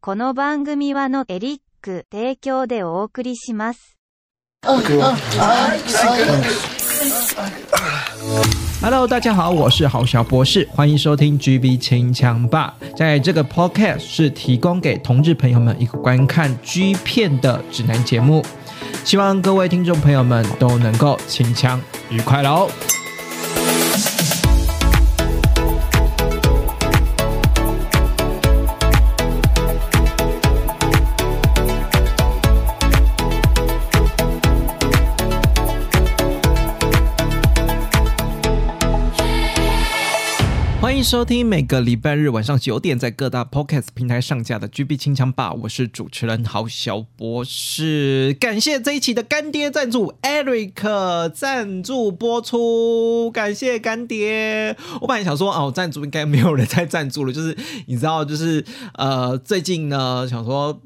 この番組はのエリック提供でお送りします。Hello，大家好，我是好小博士，歡迎收聽 GB 清槍吧。在這個 Podcast 是提供給同志朋友們一個觀看 G 片的指南節目，希望各位聽眾朋友們都能夠清槍愉快嘍。歡迎收聽每個禮拜日晚上九點在各大 podcast 平台上架的 GB 清槍吧，我是主持人郝小博士。感謝這一期的乾爹贊助，Eric 贊助播出，感謝乾爹。我本來想說，哦，贊助應該沒有人再贊助了，就是你知道，就是呃，最近呢，想說。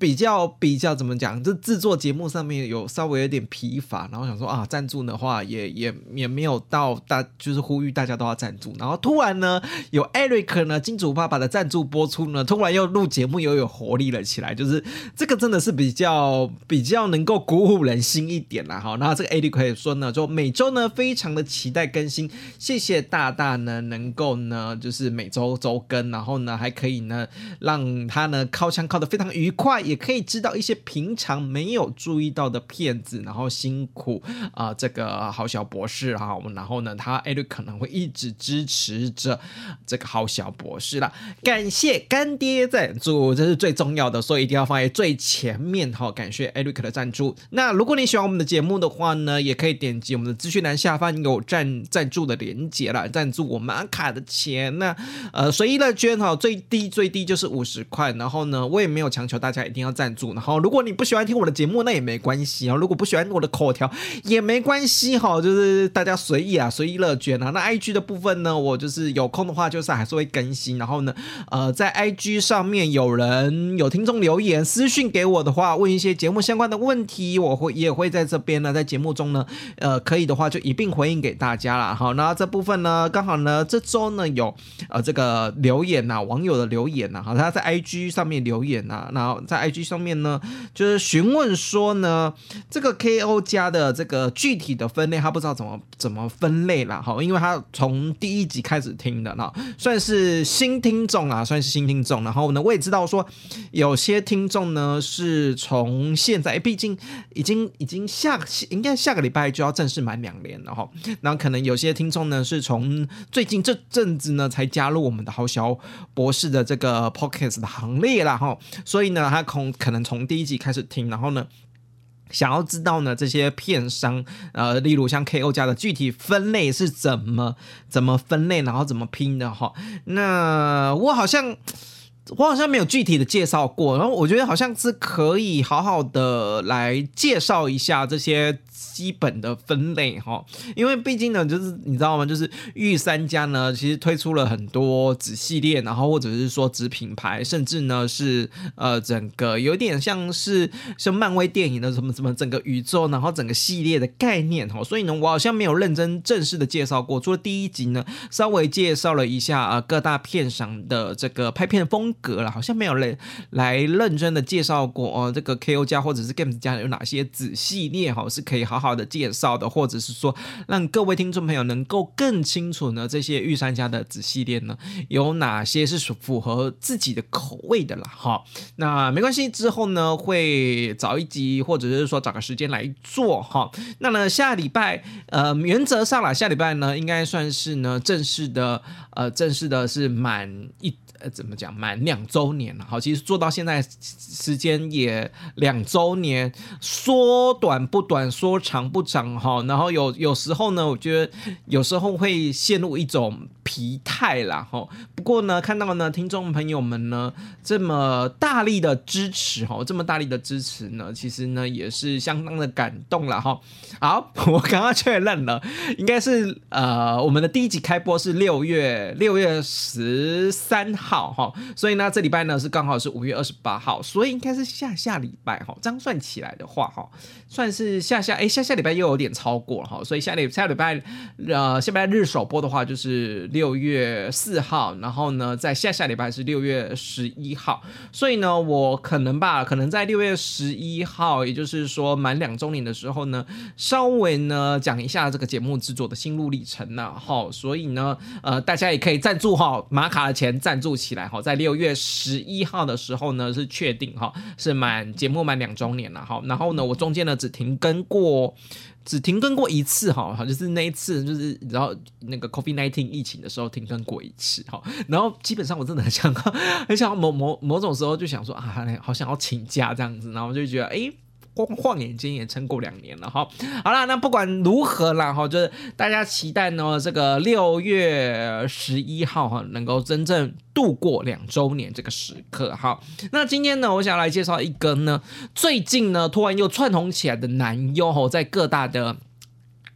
比較比較怎麼講？就製作節目上面有稍微有點疲乏，然後想說啊，贊助的話也也也沒有到大，就是呼籲大家都要贊助。然後突然呢，有 Eric 呢金主爸爸的贊助播出呢，突然又錄節目又有，有活力了起來，就是這個真的是比較比較能夠鼓舞人心一點了哈。然後這個 Eric 也說呢，就每週呢非常的期待更新，謝謝大大呢能夠呢就是每週週更，然後呢還可以呢讓他呢尻槍尻得非常愉快。也可以知道一些平常沒有注意到的片子，然後辛苦啊、呃，這個好小博士哈，我、啊、們然後呢，他艾瑞可能會一直支持着這個好小博士啦。感謝乾爹贊助，這是最重要的，所以一定要放在最前面哈、哦。感謝艾瑞克的贊助。那如果你喜歡我們的節目的話呢，也可以點擊我們的資訊欄下方有贊贊助的鏈接啦，贊助我們阿卡的錢、啊。那呃，隨意的捐哈，最低最低就是五十塊，然後呢，我也沒有強求大家一定。要贊助，然後如果你不喜歡聽我的節目，那也沒關係啊。如果不喜歡我的口條也沒關係哈，就是大家隨意啊，隨意樂捐啊。那 IG 的部分呢，我就是有空的話，就是還是會更新。然後呢，呃，在 IG 上面有人有聽眾留言私訊給我的話，問一些節目相關的問題，我會也會在這邊呢，在節目中呢，呃，可以的話就一併回應給大家啦。好，那這部分呢，剛好呢，這週呢有呃這個留言吶、啊，網友的留言吶，好，他在 IG 上面留言吶、啊，然後在 I。上面呢，就是詢問說呢，這個 coat 家的這個具體的分類，他不知道怎麼怎麼分類了哈，因為他從第一集開始聽的呢，算是新聽眾啊，算是新聽眾。然後呢，我也知道說有些聽眾呢是從現在，畢竟已經已經下應該下個禮拜就要正式滿兩年了哈，然後可能有些聽眾呢是從最近這陣子呢才加入我們的豪小博士的這個 Podcast 的行列了哈，所以呢，他恐可能從第一集開始聽，然後呢，想要知道呢這些片商，呃，例如像 coat 家的具體分類是怎麼怎麼分類，然後怎麼拼的哈？那我好像我好像沒有具體的介紹過，然後我覺得好像是可以好好的來介紹一下這些。基本的分類哈，因為畢竟呢，就是你知道嗎？就是御三家呢，其實推出了很多子系列，然後或者是說子品牌，甚至呢是呃整個有點像是像漫威電影的什麼什麼整個宇宙，然後整個系列的概念哈。所以呢，我好像沒有認真正式的介紹過，除了第一集呢，稍微介紹了一下啊各大片廠的這個拍片風格啦，好像沒有人來，來認真的介紹過哦。這個 K O 家或者是 Games 家有哪些子系列哈是可以好好的介紹的，或者是說讓各位聽眾朋友能夠更清楚呢，這些御三家的子系列呢，有哪些是符合自己的口味的啦。哈。那沒關係，之後呢會找一集，或者是說找個時間來做哈。那麼下禮拜，呃，原則上啦，下禮拜呢應該算是呢正式的，呃，正式的是滿一，呃，怎麼講，滿兩周年了。好，其實做到現在時間也兩周年，說短不短，說長不長哈，然後有有時候呢，我覺得有時候會陷入一種疲態啦。不過呢，看到呢聽眾朋友們呢這麼大力的支持，這麼大力的支持呢，其實呢也是相當的感動了哈。好，我剛剛確認了，應該是呃我們的第一集開播是六月六月十三號哈，所以呢這禮拜呢是剛好是五月二十八號，所以應該是下下禮拜哈，這樣算起來的話哈，算是下下哎下。下禮拜又有點超過了哈，所以下禮下禮拜呃，下禮拜日首播的話就是六月四號，然後呢，在下下禮拜是六月十一號，所以呢，我可能吧，可能在六月十一號，也就是說滿兩週年的時候呢，稍微呢講一下這個節目製作的心路歷程呢、啊，好，所以呢，呃，大家也可以贊助哈，馬卡的錢贊助起來哈，在六月十一號的時候呢是確定哈，是滿節目滿兩週年了、啊、哈，然後呢，我中間呢只停更過。只停更過一次哈，就是那一次，就是然後那個 COVID-19 疫情的時候停更過一次哈，然後基本上我真的很想，很想要某某某種時候就想說啊，好想要請假這樣子，然後就覺得誒。欸光晃眼間也撐過兩年了哈，好啦，那不管如何啦哈，就是大家期待呢這個六月十一號哈，能夠真正度過兩周年這個時刻哈。那今天呢，我想來介紹一個呢，最近呢突然又竄紅起來的男優哈，在各大的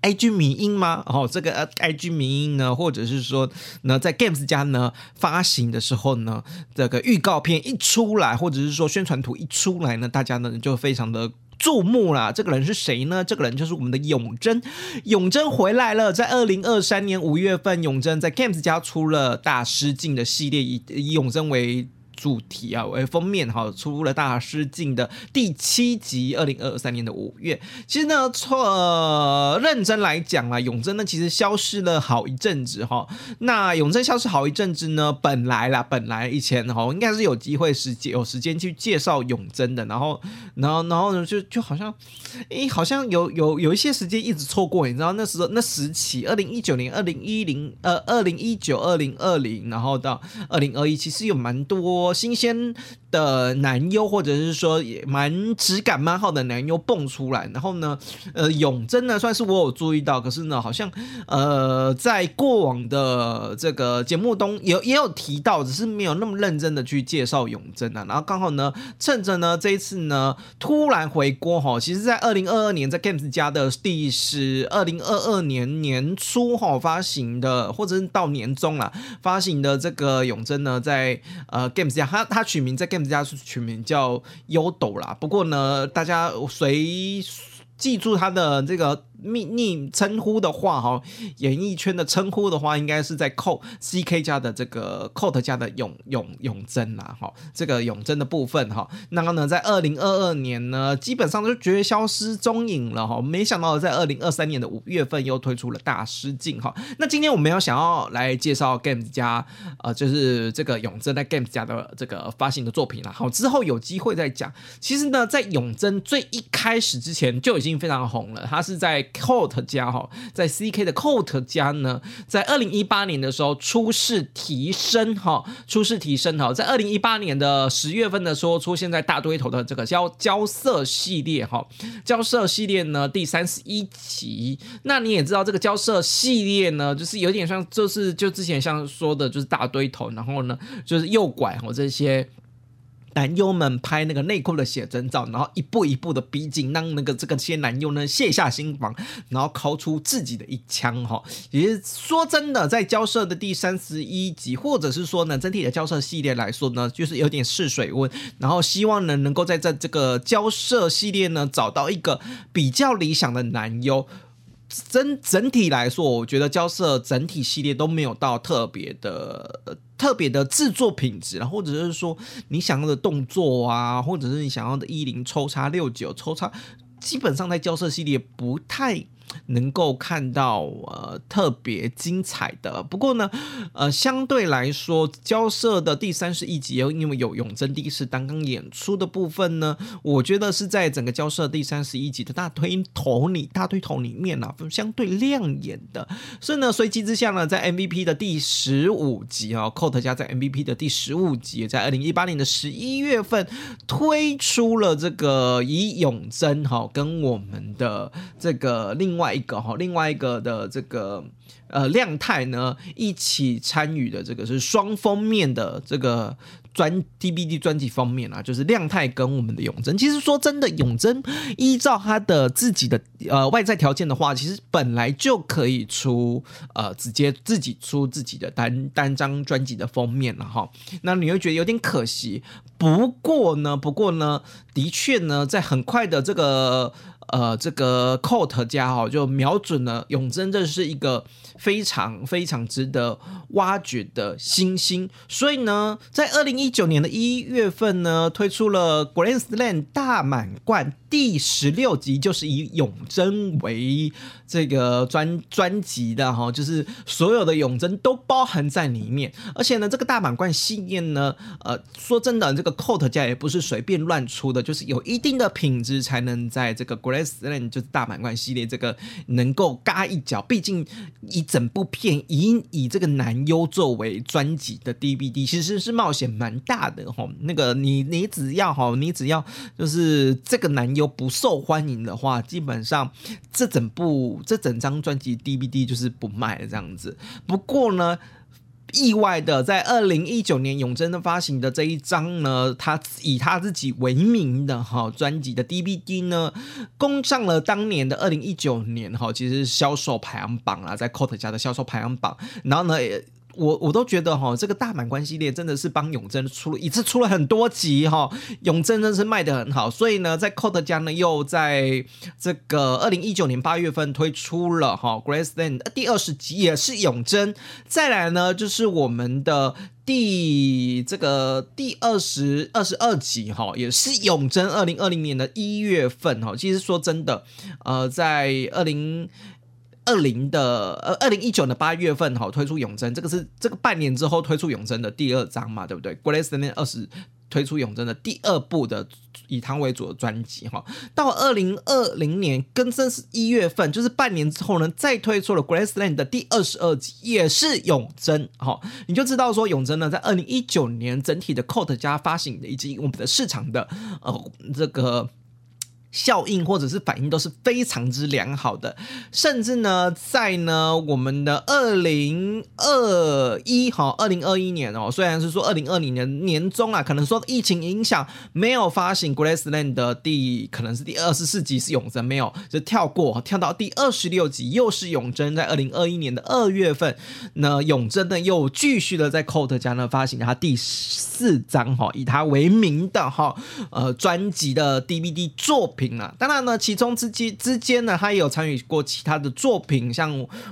IG 迷因嗎？哦，這個 IG 迷因呢，或者是說呢，在 Games 家呢發行的時候呢，這個預告片一出來，或者是說宣傳圖一出來呢，大家呢就非常的。注目了，啊，這個人是誰呢？這個人就是我們的詠真。詠真回來了。在二零二三年五月份，詠真在 G@mes 家出了大失禁的系列，以詠真為。主題啊，為封面哈，出了大失禁的第七集，二零二三年的五月。其實呢，錯、呃、認真來講啦，詠真呢其實消失了好一陣子哈。那詠真消失好一陣子呢，本來啦，本來以前哈，應該是有機會時有時間去介紹詠真的，然後，然後，然後呢，就就好像，哎、欸，好像有有有一些時間一直錯過，你知道那時候那時期，二零一九年、二零一零、呃，二零一九、二零二零，然後到二零二一，其實有蠻多新鮮。的男優，或者是說也蠻質感蠻好的男優蹦出來，然後呢，呃，詠真呢算是我有注意到，可是呢，好像呃在過往的這個節目中也也有提到，只是沒有那麼認真的去介紹詠真啊。然後剛好呢，趁着呢這一次呢突然回鍋哈，其實在二零二二年在 Games 家的第十二零二二年年初哈發行的，或者是到年中了發行的這個詠真呢，在呃 Games 家，他他取名在 Games。人家是全名叫優斗啦，不過呢，大家誰記住他的這個秘密稱呼的話，哈，演藝圈的稱呼的話，應該是在寇 CK 家的這個寇特家的詠詠詠真啦、啊。哈、哦，這個詠真的部分哈，然、哦、後呢，在二零二二年呢，基本上就絕消失蹤影了哈、哦，沒想到在二零二三年的五月份又推出了大失禁哈，那今天我們要想要來介紹 Games 家，呃，就是這個詠真在 Games 家的這個發行的作品啦、啊。好，之後有機會再講。其實呢，在詠真最一開始之前就已經非常紅了，他是在。coat 家哈，在 CK 的 coat 家呢，在二零一八年的時候初試啼聲哈，初試啼聲哈，在二零一八年的十月份的時候出現在大堆頭的這個交交涉系列哈，交涉系列呢，第三十一期，那你也知道這個交涉系列呢，就是有點像，就是就之前像說的就是大堆頭，然後呢就是右拐哦，這些。男優們拍那個內褲的寫真照，然後一步一步的逼近，讓那個這個這些男優呢卸下心防，然後掏出自己的一槍哈。也說真的，在交涉的第三十一集，或者是說呢整體的交涉系列來說呢，就是有點試水溫，然後希望呢能能夠在這這個交涉系列呢找到一個比較理想的男優。整整體來說，我覺得交涉整體系列都沒有到特別的。特別的制作品質，然後或者是說你想要的動作啊，或者是你想要的一零抽插、六九抽插，基本上在交涉系列不太。能夠看到呃特別精彩的，不過呢，呃相對來說交涉的第三十一集，因為有詠真第一次剛剛演出的部分呢，我覺得是在整個交涉的第三十一集的大推頭裡大推頭裡面呢、啊、相對亮眼的，所以呢隨機之下呢，在 MVP 的第十五集啊、哦，寇特家在 MVP 的第十五集，也在二零一八年的十一月份推出了這個以詠真哈、哦、跟我們的這個另外。另外一個哈，另外一個的這個呃，亮太呢一起參與的這個是雙封面的這個專 DVD 專輯封面啊，就是亮太跟我們的永真。其實說真的，永真依照他的自己的呃外在條件的話，其實本來就可以出呃直接自己出自己的單單張專輯的封面了哈。那你會覺得有點可惜。不過呢，不過呢，的確呢，在很快的這個。呃，這個 coat 家哈，就瞄準了詠真，這是一個非常非常值得挖掘的新星、星。所以呢，在二零一九年的一月份呢，推出了 Grand Slam 大滿貫第十六集，就是以詠真為這個專專輯的哈，就是所有的詠真都包含在裡面。而且呢，這個大滿貫系列呢，呃，說真的，這個 coat 家也不是隨便亂出的，就是有一定的品質才能在這個 Grand。s 就是大滿貫系列，這個能夠嘎一腳，畢竟一整部片已經以這個男優作為專輯的 DVD，其實是冒險蠻大的吼，那個你你只要吼，你只要就是這個男優不受歡迎的話，基本上這整部這整張專輯 DVD 就是不賣這樣子。不過呢。意外的，在二零一九年詠真的發行的這一張呢，他以他自己為名的哈專輯的 DVD 呢，攻上了當年的二零一九年哈，其實是銷售排行榜啊，在 coat 家的銷售排行榜，然後呢。我我都覺得哈、哦，這個大滿貫系列真的是幫詠真出了一次出了很多集哈、哦，詠真真的是賣得很好，所以呢，在 coat 家呢又在這個二零一九年八月份推出了哈、哦、GRAND SLAM，呃、第二十集也是詠真，再來呢就是我們的第這個第二十二十二集哈、哦，也是詠真，二零二零年的一月份哈、哦，其實說真的，呃，在二零。二零的呃，二零一九的八月份哈、哦，推出詠真，這個是這個半年之後推出詠真的第二張嘛，對不對？GRAND SLAM 二十推出詠真的第二部的以他為主的專輯哈、哦，到二零二零年，更正是一月份，就是半年之後呢，再推出了 GRAND SLAM 的第二十二集，也是詠真哈、哦，你就知道說詠真呢，在二零一九年整體的 coat 家發行以及我們的市場的呃、哦、這個。效應或者是反應都是非常之良好的，甚至呢，在呢我們的二零二一哈，二零二一年哦，雖然是說二零二零年年中啊，可能說疫情影響沒有發行 GRAND SLAM 的第可能是第二十四集是詠真沒有，就跳過跳到第二十六集又是詠真，在二零二一年的二月份，那詠真呢又繼續的在 coat 家呢發行他第四張哈，以他為名的哈呃專輯的 DVD 作品。當然呢，其中之之之間呢，他也有參與過其他的作品，像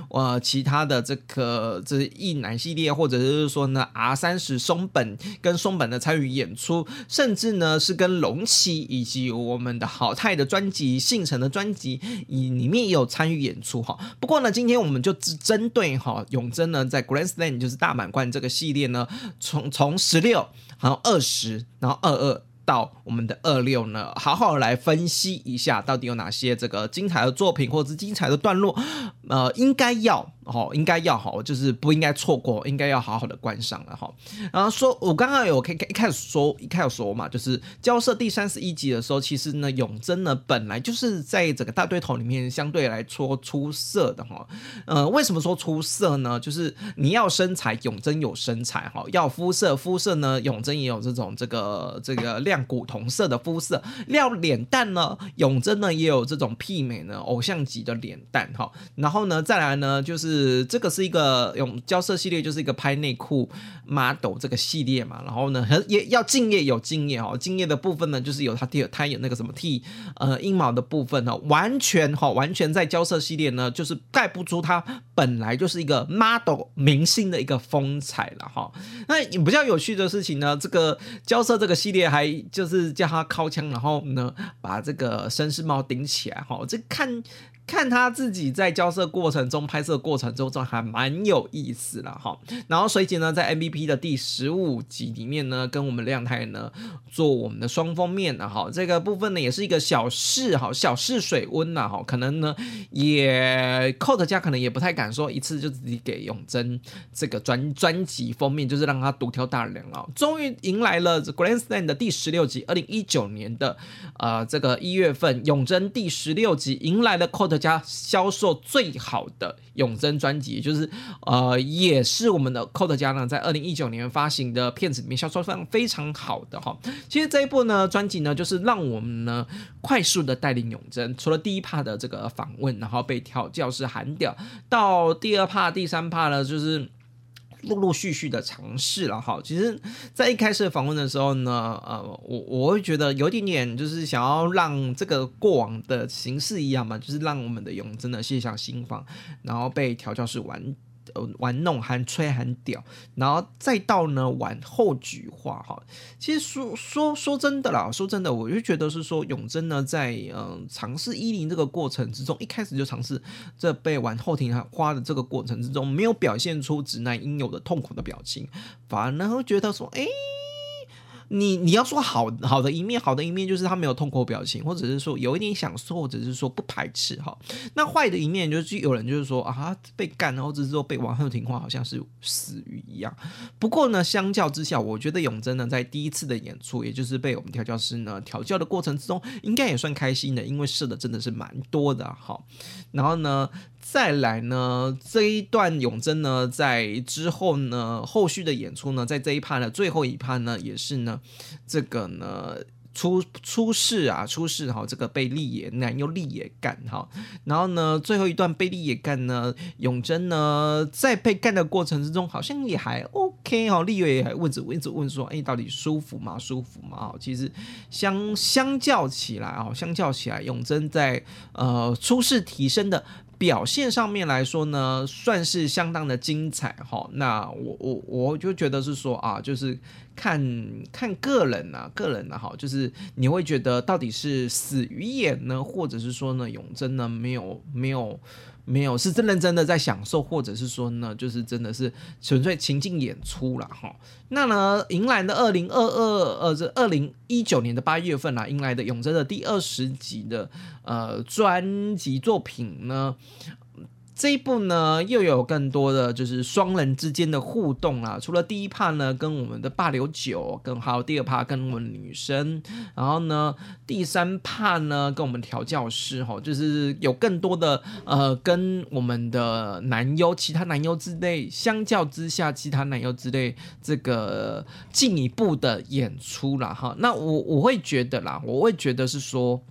呃其他的這個這是藝男系列，或者是說呢 R 三十松本跟松本的參與演出，甚至呢是跟龍崎以及我們的好泰的專輯《幸成》的專輯以裡面也有參與演出哈。不過呢，今天我們就只針對哈、哦、詠真呢在 Grand Slam 就是大滿貫這個系列呢，從從十六然後二十然後二二。到我們的二六呢，好好來分析一下，到底有哪些這個精彩的作品或者精彩的段落，呃，應該要哦，應該要好，就是不應該錯過，應該要好好的觀賞了哈、哦。然後說，我剛剛有可以，一開始說一開始說嘛，就是交涉第三十一集的時候，其實呢，詠真呢本來就是在整個大對頭裡面相對來說出色的哈。呃，為什麼說出色呢？就是你要身材，詠真有身材哈、哦；要膚色，膚色呢詠真也有這種這個這個亮。像古銅色的膚色，料臉蛋呢，詠真呢也有這種媲美呢偶像級的臉蛋哈。然後呢，再來呢，就是這個是一個永交涉系列，就是一個拍內褲 model 這個系列嘛。然後呢，也要敬業有敬業哦。敬業的部分呢，就是有他替他有那個什麼剃呃陰毛的部分呢，完全哈，完全在交涉系列呢，就是蓋不出他本來就是一個 model 明星的一個風采了哈。那比較有趣的事情呢，這個交涉這個系列還就是叫他掏槍，然後呢，把這個紳士帽頂起來，哈，這看。看他自己在交涉過程中，拍攝過程中，這還蠻有意思的哈。然後隨即呢，在 MVP 的第十五集裡面呢，跟我們亮太呢做我們的雙封面的哈。這個部分呢，也是一個小試哈，小試水溫吶哈。可能呢，也 coat 家可能也不太敢說一次就自己給詠真這個專專輯封面，就是讓他獨挑大樑了。終於迎來了 Grand Slam 的第十六集，二零一九年的呃這個一月份，詠真第十六集迎來了 coat 家銷售最好的詠真專輯，就是呃，也是我們的 coat 家呢，在二零一九年發行的片子裡面銷售量非常好的哈。其實這一部呢專輯呢，就是讓我們呢快速的帶領詠真，除了第一 part 的這個訪問，然後被調教室喊掉，到第二 part、第三 part 呢，就是。陸陸續續的嘗試了哈，其實，在一開始訪問的時候呢，呃，我我會覺得有一點點，就是想要讓這個過往的形式一樣嘛，就是讓我們的詠真的卸下心防，然後被調教式完。呃，玩弄含吹含屌，然後再到呢玩後菊花哈。其實說說說真的啦，說真的，我就覺得是說詠真呢在、呃、嘗試一零這個過程之中，一開始就嘗試這被玩後庭花的這個過程之中，沒有表現出直男應有的痛苦的表情，反而呢會覺得說哎。誒你你要說好好的一面，好的一面就是他沒有痛苦表情，或者是說有一點享受，或者是說不排斥哈。那壞的一面就是有人就是說啊被幹，然後是說被網上的情況好像是死魚一樣。不過呢，相較之下，我覺得詠真呢在第一次的演出，也就是被我們調教師呢調教的過程之中，應該也算開心的，因為射的真的是蠻多的哈。然後呢。再來呢，這一段詠真呢，在之後呢，後續的演出呢，在這一趴的最後一趴呢，也是呢，這個呢出出事啊，出事哈、喔，這個被立也難又立也幹哈、喔，然後呢，最後一段被立也幹呢，詠真呢，在被幹的過程之中，好像也還 OK 利、喔、立也還問着，一直問著問著說，哎、欸，到底舒服嗎？舒服嗎？喔、其實相相較起來哦、喔，相較起來，詠真在呃出事提升的。表現上面來說呢，算是相當的精彩哈。那我我我就覺得是說啊，就是看看個人啊，個人的、啊、哈，就是你會覺得到底是死魚眼呢，或者是說呢，詠真呢沒有沒有。沒有沒有，是真認真的在享受，或者是說呢，就是真的是純粹情境演出了哈。那呢，迎來的二零二二呃，這二零一九年的八月份啦、啊，迎來的詠真的第二十集的呃專輯作品呢。這一部呢，又有更多的就是雙人之間的互動啦。除了第一 part 呢，跟我們的霸流九，跟還有第二 part 跟我們女生，然後呢，第三 part 呢跟我們調教師哈，就是有更多的呃，跟我們的男優其他男優之類相較之下，其他男優之類這個進一步的演出啦哈。那我我會覺得啦，我會覺得是說，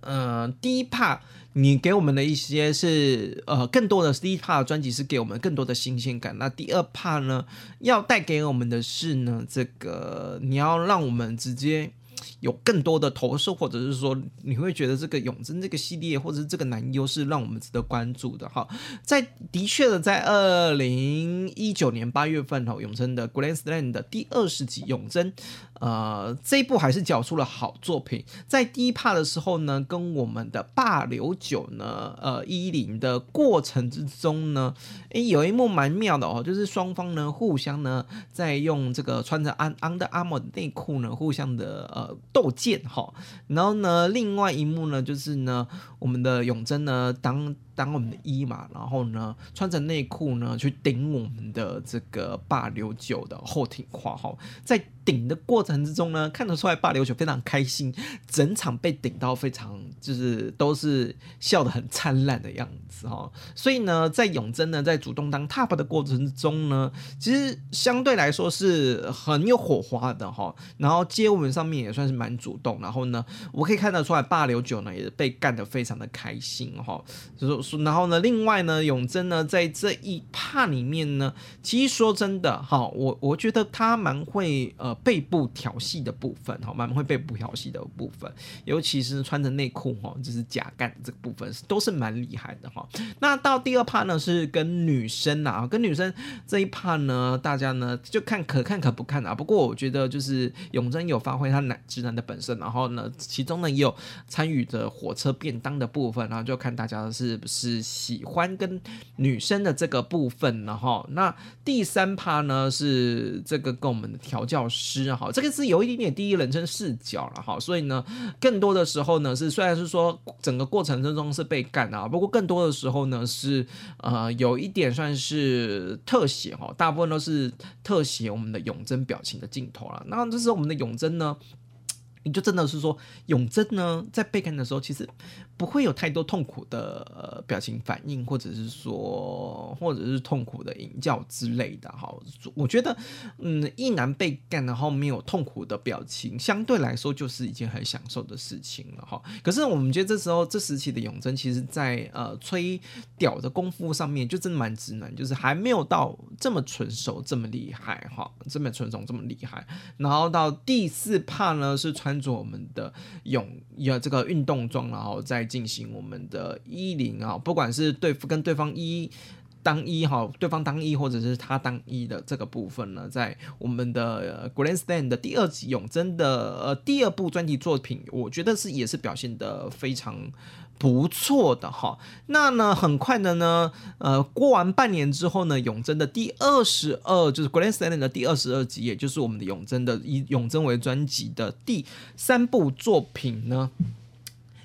嗯、呃，第一 part。你給我們的一些是呃，更多的第一 part 專輯是給我們更多的新鮮感。那第二 part 呢，要帶給我們的是呢，這個你要讓我們直接。有更多的投射，或者是說你會覺得這個詠真這個系列，或者是這個男優是讓我們值得關注的哈。在的確的，在二零一九年八月份哈，詠、哦、真的《GRAND SLAM 的第二十集詠真，呃，這一部還是繳出了好作品。在第一趴的時候呢，跟我們的霸劉九呢，呃，一零的過程之中呢，誒、欸，有一幕蠻妙的哦，就是雙方呢互相呢在用這個穿着安 Under Armour 內褲呢互相的呃。鬥劍哈，然後呢，另外一幕呢，就是呢，我們的詠真呢，當當我們的一嘛，然後呢，穿着內褲呢，去頂我們的這個霸劉九的後庭胯哈，在。頂的過程之中呢，看得出來霸六九非常開心，整場被頂到非常就是都是笑得很燦爛的樣子哈。所以呢，在詠真呢在主動當 top 的過程之中呢，其實相對來說是很有火花的哈。然後接吻上面也算是蠻主動，然後呢，我可以看得出來霸六九呢也是被幹得非常的開心哈。就是然後呢，另外呢，詠真呢在這一 part 裡面呢，其實說真的哈，我我覺得他蠻會呃。背部調戲的部分哈，蠻會背部調戲的部分，尤其是穿着內褲哈，就是假幹這個部分，都是蠻厲害的哈。那到第二趴呢，是跟女生吶、啊，跟女生這一趴呢，大家呢就看可看可不看啊。不過我覺得就是詠真有發揮他男直男的本色，然後呢，其中呢也有參與的火車便當的部分，然後就看大家是不是喜歡跟女生的這個部分了哈。那第三趴呢，是這個跟我們的調教師。是哈、啊，這個是有一點點第一人稱視角了、啊、哈，所以呢，更多的時候呢是雖然是說整個過程之中是被幹的、啊，不過更多的時候呢是呃有一點算是特寫哦、啊，大部分都是特寫我們的詠真表情的鏡頭了、啊。那這時候我們的詠真呢，你就真的是說詠真呢在被幹的時候，其實。不會有太多痛苦的呃表情反應，或者是說，或者是痛苦的淫叫之類的哈。我覺得，嗯，一男被幹然後沒有痛苦的表情，相對來說就是一件很享受的事情了哈。可是我們覺得這時候這時期的詠真，其實在，在呃吹屌的功夫上面，就真的蠻直男，就是還沒有到這麼純熟這麼厲害哈，這麼純熟這麼厲害。然後到第四趴呢，是穿着我們的泳要這個運動裝，然後在進行我們的一零啊，不管是對付跟對方一當一哈，對方當一或者是他當一的這個部分呢，在我們的 GRAND SLAM 的第二集詠真的呃第二部專輯作品，我覺得是也是表現得非常不錯的哈。那呢，很快的呢，呃，過完半年之後呢，詠真的第二十二就是 GRAND SLAM 的第二十二集，也就是我們的詠真的以詠真為專輯的第三部作品呢，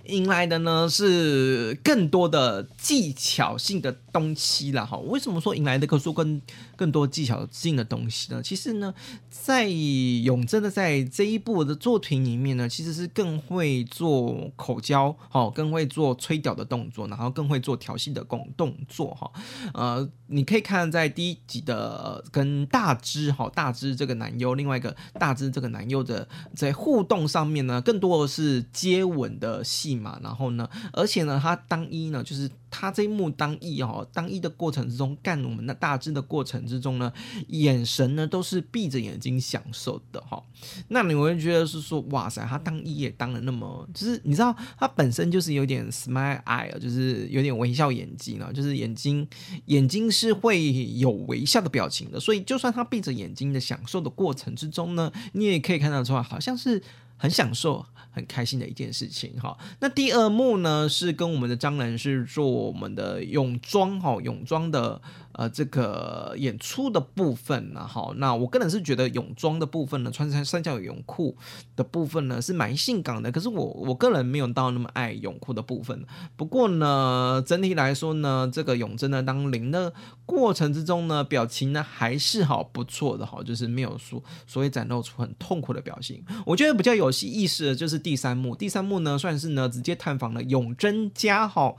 迎來的呢，是更多的技巧性的東西啦，哈，為什麼說迎來這棵樹更更多技巧性的、的東西呢？其實呢，在永真的在這一部的作品裡面呢，其實是更會做口交，哈，更會做吹屌的動作，然後更會做調戲的動動作哈。呃，你可以看在第一集的跟大支哈，大支這個男優，另外一個大支這個男優的在互動上面呢，更多的是接吻的戲碼，然後呢，而且呢，他單一呢就是。他這一幕當一哈、哦，當一的過程之中，干我們的大致的過程之中呢，眼神呢都是閉着眼睛享受的哈、哦。那你會覺得是說，哇塞，他當一也當了那麼，就是你知道他本身就是有點 smile eye，就是有點微笑眼睛啊，就是眼睛眼睛是會有微笑的表情的。所以就算他閉着眼睛的享受的過程之中呢，你也可以看得出來，好像是。很享受、很開心的一件事情哈。那第二幕呢，是跟我們的張蘭是做我們的泳裝哈、哦，泳裝的呃這個演出的部分呢哈。那我個人是覺得泳裝的部分呢，穿上三角泳褲的部分呢是蠻性感的。可是我我個人沒有到那麼愛泳褲的部分。不過呢，整體來說呢，這個詠真的當零的過程之中呢，表情呢還是好不錯的哈，就是沒有說所謂展露出很痛苦的表情。我覺得比較有。遊戲意思就是第三幕，第三幕呢算是呢直接探訪了詠真家哈，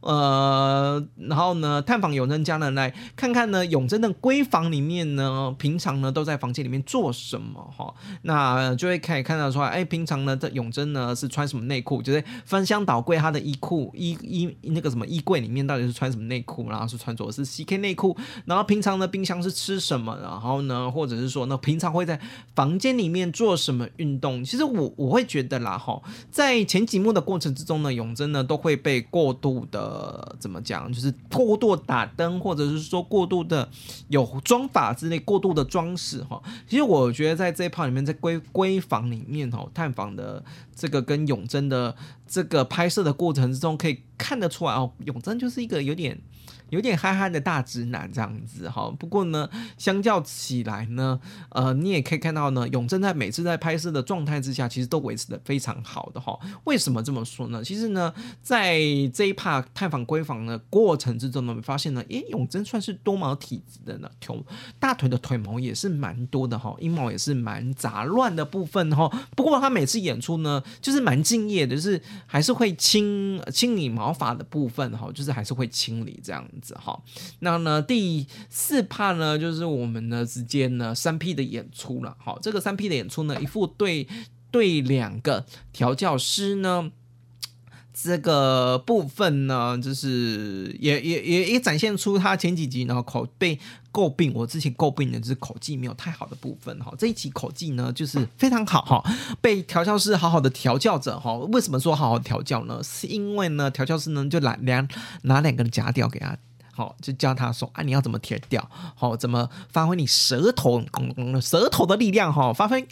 呃，然後呢探訪詠真家呢，來看看呢詠真的閨房裡面呢，平常呢都在房間裡面做什麼哈，那就會可以看得出來，哎、欸，平常呢在詠真呢是穿什麼內褲，就是翻箱倒櫃他的衣褲衣衣那個什麼衣櫃裡面到底是穿什麼內褲，然後是穿着是 CK 內褲，然後平常呢冰箱是吃什麼，然後呢或者是說呢平常會在房間裡面做什麼運動，其實。我我會覺得啦，吼，在前幾幕的過程之中呢，詠真呢都會被過度的怎麼講，就是過度打燈，或者是說過度的有妝髮之類過度的裝飾，哈。其實我覺得在這一 part 裡面，在閨閨房裡面哦，探訪的這個跟詠真的這個拍攝的過程之中，可以看得出來哦，詠真就是一個有點。有點憨憨的大直男這樣子哈，不過呢，相較起來呢，呃，你也可以看到呢，詠真在每次在拍攝的狀態之下，其實都維持得非常好的哈。為什麼這麼說呢？其實呢，在這一趴探訪閨房的過程之中呢，發現呢，誒、欸，詠真算是多毛體質的呢，大腿的腿毛也是蠻多的哈，陰毛也是蠻雜亂的部分哈。不過他每次演出呢，就是蠻敬業的，就是還是會清清理毛髮的部分哈，就是還是會清理這樣。好，那呢第四趴呢，就是我們呢之間呢三 P 的演出了，好，這個三 P 的演出呢，一副對對兩個調教師呢，這個部分呢，就是也也也也展現出他前幾集然後口被詬病，我之前詬病的就是口技沒有太好的部分，哈，這一集口技呢就是非常好，哈，被調教師好好的調教着，哈，為什麼說好好的調教呢？是因為呢調教師呢就來兩拿兩個夾掉給他。好，就教他說啊，你要怎麼舔掉？好、哦，怎麼發揮你舌頭、嗯嗯，舌頭的力量、哦？哈，發揮。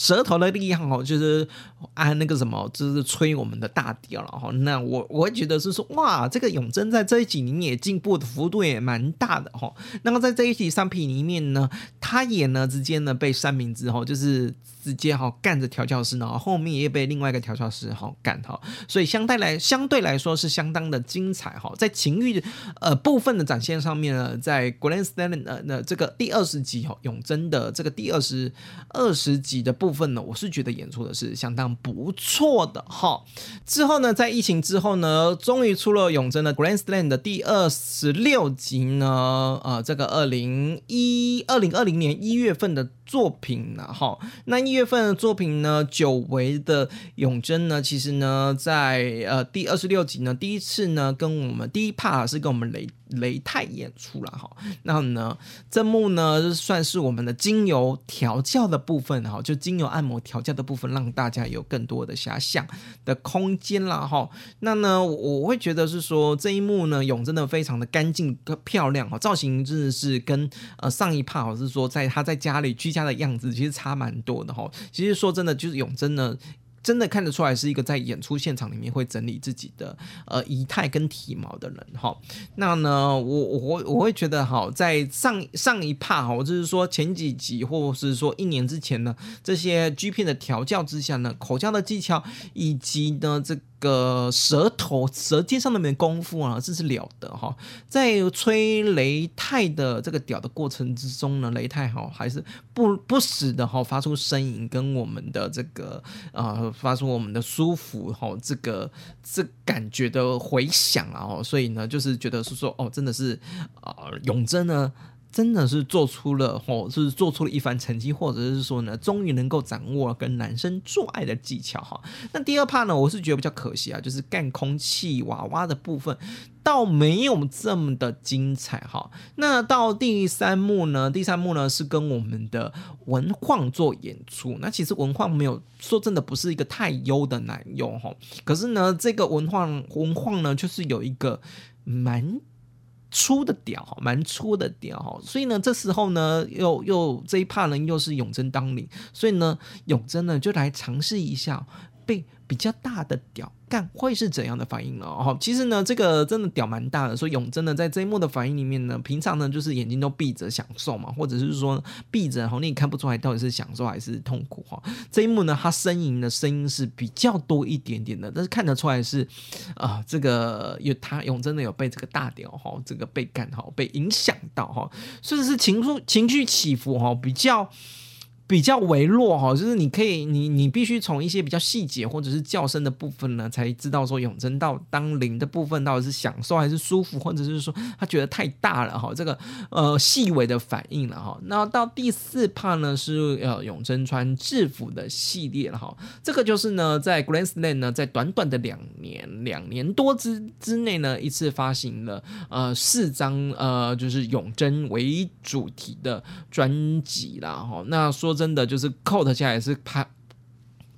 舌頭的力量哦，就是按、啊、那個什麼，就是吹我們的大地了哈。那我我會覺得是說，哇，這個詠真在這一集裡面也進步的幅度也蠻大的哈。那麼在這一集商品裡面呢，他也呢直接呢被三明治哈，就是直接哈幹着調教師，然後後面也被另外一個調教師哈幹哈，所以相對來相對來說是相當的精彩哈。在情欲呃部分的展現上面呢，在 GRAND SLAM 呃那這個第二十集哈詠真的這個第二十二十集的部分。部分呢，我是覺得演出的是相當不錯的哈。之後呢，在疫情之後呢，終於出了詠真的《GRAND SLAM》的第二十六集呢，呃，這個二零一二零二零年一月份的作品呢，哈，那一月份的作品呢，久違的詠真呢，其實呢，在呃第二十六集呢，第一次呢跟我們第一 part 是跟我們雷雷泰演出了哈，那呢這幕呢算是我們的精油調教的部分哈，就精油按摩調教的部分，讓大家有更多的遐想的空間啦。哈，那呢我會覺得是說這一幕呢詠真的非常的乾淨漂亮哈，造型真的是跟呃上一 part 哦是說在他在家裡居家。他的樣子其實差蠻多的哈，其實說真的，就是詠真呢，真的看得出來是一個在演出現場裡面會整理自己的呃儀態跟體毛的人哈。那呢，我我我會覺得好，在上上一帕哈，就是說前幾集或者是說一年之前呢，這些 G 片的調教之下呢，口腔的技巧以及呢這個。個舌頭、舌尖上的功夫啊，真是了得哈，哦！在吹雷泰的這個屌的過程之中呢，雷泰哈，哦、還是不不時的哈，哦、發出聲音，跟我們的這個啊、呃、發出我們的舒服哈，哦、這個這感覺的回響啊，所以呢，就是覺得是說哦，真的是啊、呃、詠真呢。真的是做出了就是做出了一番成績，或者是說呢，終於能夠掌握了跟男生做愛的技巧哈。那第二趴呢，我是覺得比較可惜啊，就是幹空氣娃娃的部分，倒沒有這麼的精彩哈。那到第三幕呢，第三幕呢是跟我們的文晃做演出。那其實文晃沒有說真的不是一個太優的男優哈，可是呢，這個文晃文晃呢就是有一個蠻。粗的屌，蠻粗的屌，所以呢，這時候呢，又又這一派呢，又是詠真當領，所以呢，詠真呢就來嘗試一下、哦。被比較大的屌幹會是怎樣的反應呢？哦，其實呢，這個真的屌蠻大的。所以詠真的在這一幕的反應裡面呢，平常呢就是眼睛都閉着享受嘛，或者是說閉着，哈，你也看不出來到底是享受還是痛苦，哈。這一幕呢，他呻吟的聲音是比較多一點點的，但是看得出來是，啊、呃，這個有他詠真的有被這個大屌吼，這個被幹吼，被影響到哈，甚至是情緒情緒起伏吼比較。比較微弱哈，就是你可以，你你必須從一些比較細節或者是叫聲的部分呢，才知道說詠真到當零的部分到底是享受還是舒服，或者是說他覺得太大了哈，這個呃細微的反應了哈。那到第四趴呢是呃詠真穿制服的系列了哈，這個就是呢在 Grand Slam 呢在短短的兩年兩年多之之內呢一次發行了呃四張呃就是詠真為主題的專輯啦。哈，那說。真的就是 coat 下來，是拍。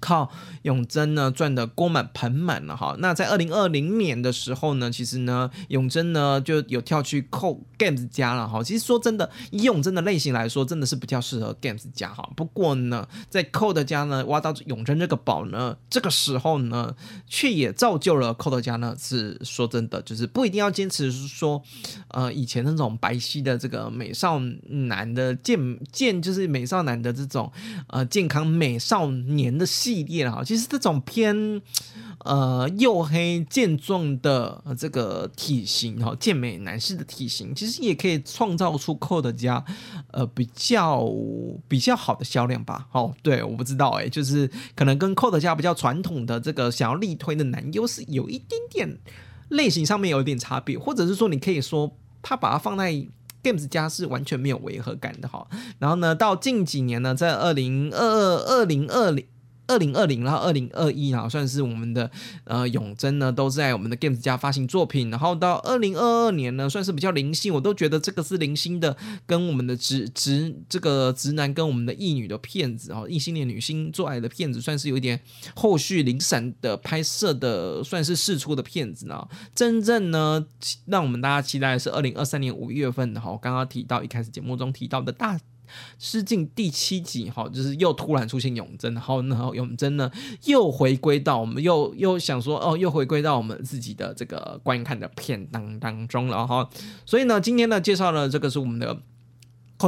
靠詠真呢賺的鍋滿盆滿了哈，那在二零二零年的時候呢，其實呢詠真呢就有跳去扣 games 家了哈。其實說真的，以詠真的類型來說，真的是比較適合 games 家哈。不過呢，在 coat 家呢挖到詠真這個寶呢，這個時候呢，卻也造就了 coat 家呢是說真的，就是不一定要堅持說，呃，以前那種白皙的這個美少男的健健就是美少男的這種呃健康美少年的系。系列哈，其實這種偏呃黝黑健壯的這個體型哈，健美男士的體型，其實也可以創造出 coat 家，呃比較比較好的銷量吧。哦，對，我不知道欸，就是可能跟 coat 家比較傳統的這個想要力推的男優是有一丁點類型上面有一點差別，或者是說你可以說他把它放在 Games 家是完全沒有違和感的哈。然後呢，到近幾年呢，在二零二二二零二零。二零二零，2020, 然後二零二一，然後，算是我們的呃詠真呢，都在我們的 Games 家發行作品。然後到二零二二年呢，算是比較零星，我都覺得這個是零星的，跟我們的直直這個直男跟我們的異女的片子哦，異性戀女星做愛的片子，算是有一點後續零散的拍攝的，算是試出的片子呢，哦。真正呢，讓我們大家期待的是二零二三年五月份，哈，我剛剛提到一開始節目中提到的大。失禁第七集，哈，就是又突然出現詠真，然後詠真呢又回歸到我們又又想說哦，又回歸到我們自己的這個觀看的片當當中了哈。所以呢，今天呢，介紹了這個是我們的。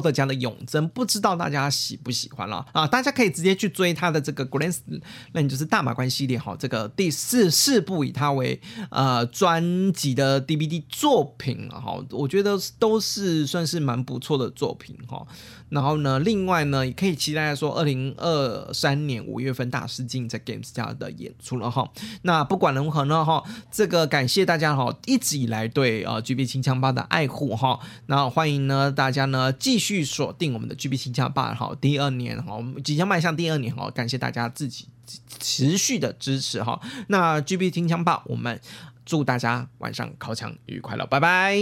coat 家的詠真，不知道大家喜不喜歡了啊，啊？大家可以直接去追他的這個 Grand Slam，n 那你就是大馬關系列哈、哦，這個第四四部以他為呃專輯的 DVD 作品哈、哦。我覺得都是算是蠻不錯的作品哈、哦。然後呢，另外呢，也可以期待說二零二三年五月份大失禁在 Games 家的演出了哈、哦。那不管如何呢哈、哦，這個感謝大家哈一直以來對呃 GB 清槍吧的愛護哈。那、哦、歡迎呢大家呢繼續。去鎖定我們的 GPT 槍霸。好，第二年好，我們即將邁向第二年好，感謝大家自己持續的支持哈。那 GPT 槍霸，我們祝大家晚上尻槍愉快了，拜拜。